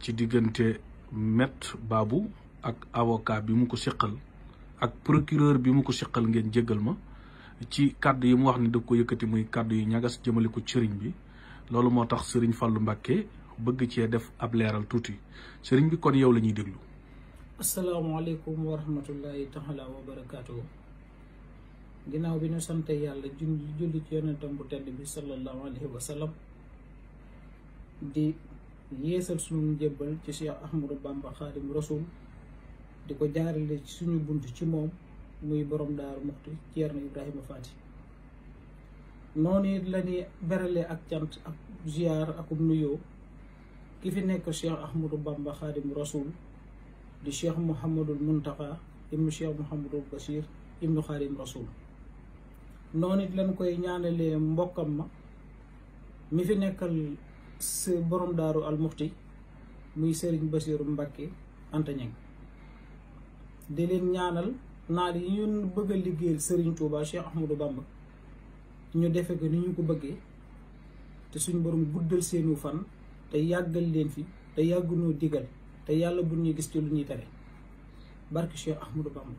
ci diggante maître Babou ak avocat bi mu ko seqal ak procureur bi mu ko seqal ngeen jéggal ma ci kàdd yi mu wax ni da ko yëkkati muy kàddu yi ñagas jëmale ko sëriñ bi loolu moo tax sëriñ Fallou Mbacké bëgg cee def ab leeral tuuti sëriñ bi kon yow lañuy ñuy déglu. asalaamaaleykum wa bu tedd bi sallallahu alayhi wa sallam yeesal sunu njëbbal ci Cheikh Ahmadou Bamba Xaadimu Rasuul di ko jaarale ci suñu bunt ci moom muy borom daaru muxti Ceerno Ibrahima Faati noonu it la ñuy berale ak cant ak ziar akum nuyoo ki fi nekk Cheikh Ahmadou Bamba Xaadimu rasul di Cheikh Mouhamadul Muntaqa ibnu Cheikh Mouhamadul Bachir ibnu Xaadim Rasuul noonu it lañ koy ñaanalee mbokkam ma mi fi nekkal sa borom daaru almuxti muy sëriñ Basiiru Mbàkke Anta Ñaŋ di leen ñaanal naal yi ñu bëgg a liggéeyal sëriñ Touba Cheikh Ahmadou Bamba ñu defe ko ni ñu ko bëggee te suñ boroom guddal seenu fan te yàggal leen fi te yàggunoo digal te yàlla bu ñuy gis ci lu ñuy tere barke Cheikh Ahmadou Bamba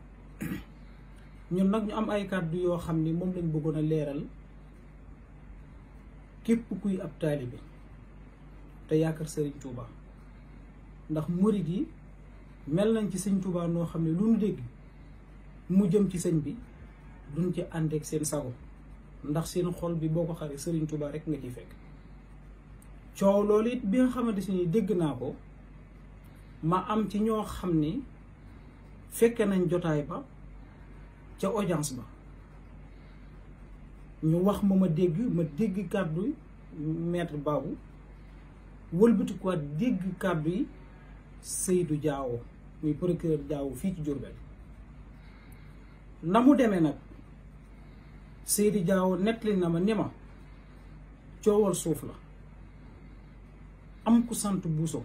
ñun nag ñu am ay kàddu yoo xam ni moom lañ bëggoon a leeral képp kuy ab taalibe te yaakaar sëriñ Touba ndax murid yi mel nañ ci sëñ Touba noo xam ne lu nu dégg mu jëm ci sëñ bi duñ ci ànd ak seen sago ndax seen xol bi boo ko xaree sëriñ Touba rek nga ciy fekk coow loolu it bi nga xamante ni dégg naa ko ma am ci ñoo xam ni fekke nañ jotaay ba ca audience ba ñu wax ma ma dégg ma dégg kàddu maître Babou wëlbatikuwaat dégg kàddu yi Seydou Diawo muy procureur Diawo fii ci Diourbel na mu demee nag Seydou Diawo nettali na ma ni ma coowal suuf la am ku sant Bousso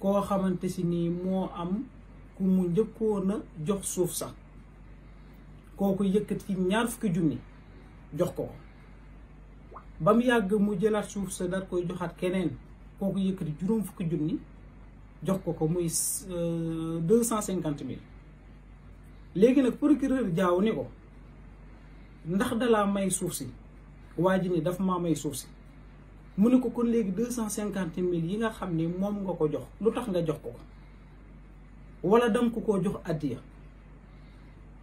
koo xamante si nii moo am ku mu njëkkoon a jox suuf sax kooku yëkkati ñaar fukki junni jox ko ba mu yàgg mu jëlaat suuf sa dar koy joxaat keneen kooku yëkkati juróom fukki ni jox ko ko muy euh, deux cent cinquante mille léegi nag procureur jaaw ni ko ndax dalaa may suuf si waa ji ni daf maa may suuf si mu ne ko kon léegi deux cent cinquante mille yi nga xam ni moom nga ko jox lu tax nga jox ko ko wala danga ko koo jox addiya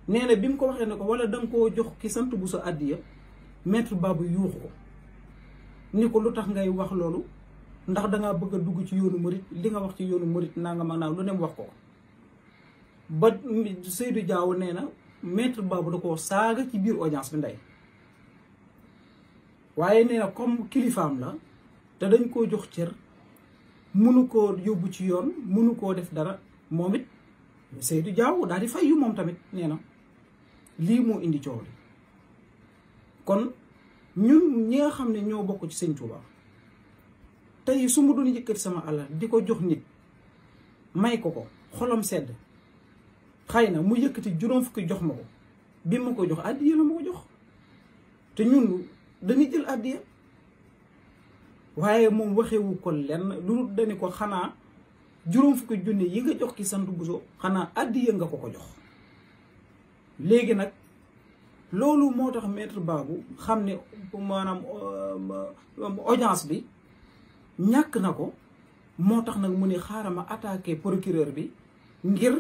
nee na bi mu ko waxee ne ko wala danga koo jox ki sant bu sa addiya maître Babou yuuxu ko ni ko lu tax ngay wax loolu ndax danga bëgg a dugg ci yoonu murit li nga wax ci yoonu murit nanga mag naa lu ne wax ko ba Seydou Diaw nee na maître Babou da koo saaga ci biir audience bi ndey waaye nee na comme kilifaam la te dañ ko jox cër mënu ko yóbbu ci yoon mënu koo def dara moom it Seydou Diaw daal di fay yu moom tamit nee na lii moo indi coow li kon ñun ñi nga xam ne ñoo bokk ci sëñ Tuuba tey su ma doon yëkkati sama alal di ko jox nit may ko ko xolom sedd xëy na mu yëkkati juróom fukki jox ma ko bi ma ko jox addiya la ma ko jox te ñun dañuy jël addiya waaye moom waxewu ko lenn lu dañu ko xanaa juróom fukki junni yi nga jox ki sant Bousso xanaa addiya nga ko ko jox léegi nag loolu moo tax maître Babou xam ne maanaam euh, audience bi ñàkk na ko moo tax nag mu ne xaaral ma attaqué procureur bi ngir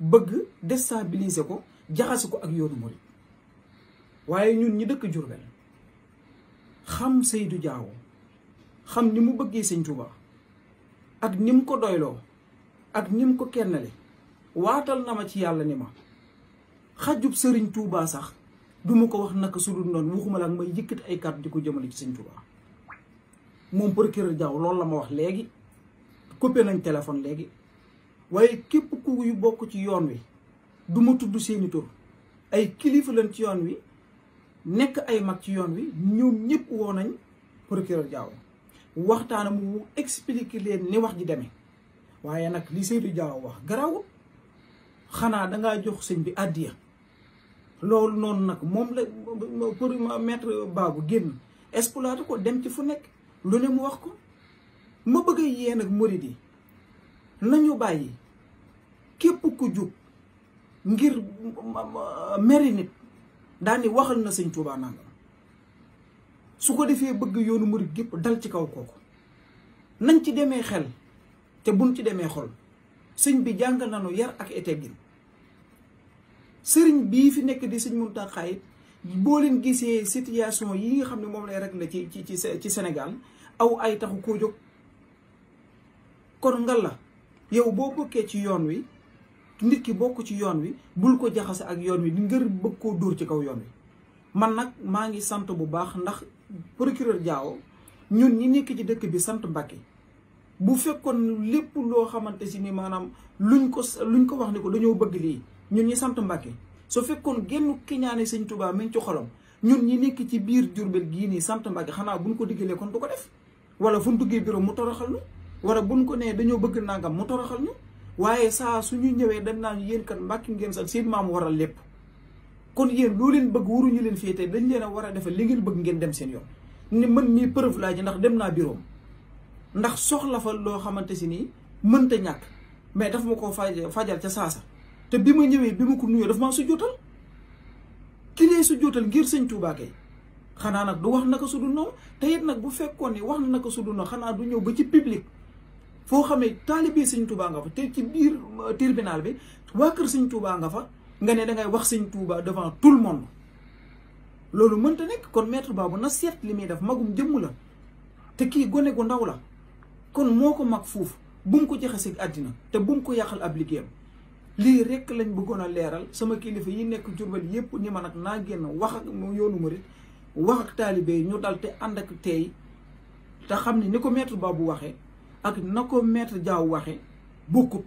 bëgg déstabiliser ko jaxase ko ak yoonu murid waaye ñun ñi dëkk Jurbel xam Seydou Diawo xam ni mu bëggee Sëñ Tuuba ak ni mu ko doyloo ak ni mu ko kennale waatal na ma ci yàlla ni ma xajub sëriñ Tuuba sax du ma ko wax naka su dul noonu waxuma la may yëkkati ay kàddu di ko jëmale ci sëñ Tuubaa moom procureur Diaw loolu la ma wax léegi coupé nañ téléphone léegi waaye képp ku yu bokk ci yoon wi du ma tudd seeni tur ay kilifa lañ ci yoon wi nekk ay mag ci yoon wi ñoom ñëpp woo nañ procureur Diaw waxtaana mu expliquer leen ni wax ji deme waaye nag li Seydou Diaw wax garaawul xanaa dangaa jox sëñ bi àddiya loolu noonu nag moom la pour maître Babou génn exploité ko dem ci fu nekk lu ne mu wax ko ma bëgg yee nag murid yi nañu bàyyi képp ku jub ngir meri nit daani waxal na sëñ Tuubaa nangam su ko defee bëgg yoonu murid gépp dal ci kaw kooku nañ ci demee xel te buñ ci demee xol sëñ bi jàngal nañu yar ak teggin sëriñ bii fi nekk di sëñ Muntaxa it boo leen gisee situation yi nga xam ne moom lay rek réglé ci ci ci senegal aw ay taxu koo jóg kon nga la yow boo bokkee ci yoon wi nit ki bokk ci yoon wi bul ko jaxasee ak yoon wi di ngër bëgg koo dóor ci kaw yoon wi man nag maa ngi sant bu baax ndax procureur Diao ñun ñi nekk ci dëkk bi sant Mbàkke bu fekkoon lépp loo xamante si ni maanaam luñ ko luñ ko wax ni ko dañoo bëgg lii ñun ñi sant Mbàkke soo fekkoon génn kiñaane sëñ tubaab mi ngi ci xolam ñun ñi nekk ci biir Jurbel gii nii sant Mbàkke xanaa buñ ko diggalee kon du ko def wala fu ñu duggee bureau mu toroxal ñu wala buñ ko nee dañoo bëgg nangam mu toroxal ñu waaye saa suñu ñëwee dañ naan yéen kat ngeen sant seen maam waral lépp kon yéen loo leen bëgg waruñu leen fii te dañ leen a war a defal li ngeen bëgg ngeen dem seen yoon ne mën mii preuve laa ji ndax dem naa bureau ndax soxla fa loo xamante si nii mënta ñàkk mais daf ma koo faj fajal ca saasa te bi ma ñëwee bi ma ko nuyoo daf maa su jootal ki su jootal ngir sëñ Touba xanaa nag du wax naka su dul noonu te it nag bu fekkoon ne wax na naka su dul noonu xanaa du ñëw ba ci public foo xamee taalibe sëñ Touba nga fa te ci biir euh, tribunal bi waa kër sëñ Touba nga fa nga ne dangay wax sëñ Touba devant tout le monde loolu mënta nekk kon maître Babou na seet li muy def magum jëmm la te kii gone gu ndaw la kon moo ko mag foofu bu mu ko jaxaseeg àddina te bu ko yàqal ab lii rek lañ bëggoon a leeral sama kilifa yi nekk jurbal yépp ni ma nag naa génn wax ak yoonu murit wax ak taalibe ñu dal te ànd ak tey te xam ne ni ko maître bu waxee ak na ko maître Diaw waxee bokkut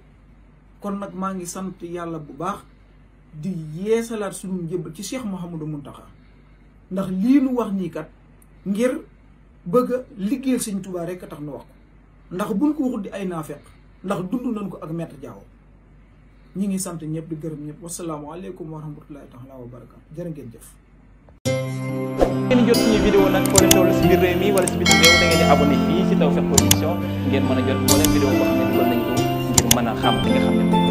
kon nag maa ngi sant yàlla bu baax di yeesalaat suñu njëbbal ci Cheikh Mouhamadou Mountakha ndax lii nu wax nii kat ngir bëgg a liggéeyal Sëñ Tuubaa rek a tax nu wax ko ndax buñ ko waxut di ay naafeq ndax dund nañ ko ak maître Diaw ñi ngi sant ñëpp di gërëm ñëpp wasalaamualeykum wa rahmatullahi taala wa la jërë ngeen jëf. ngeen jot suñu vidéo nag foo leen si biir réew wala si biir réew da ngeen di abonné fii si Tawfekh Production ngeen mën a jot moo leen vidéo boo xam ne dugal nañ mën a xam li nga xam ne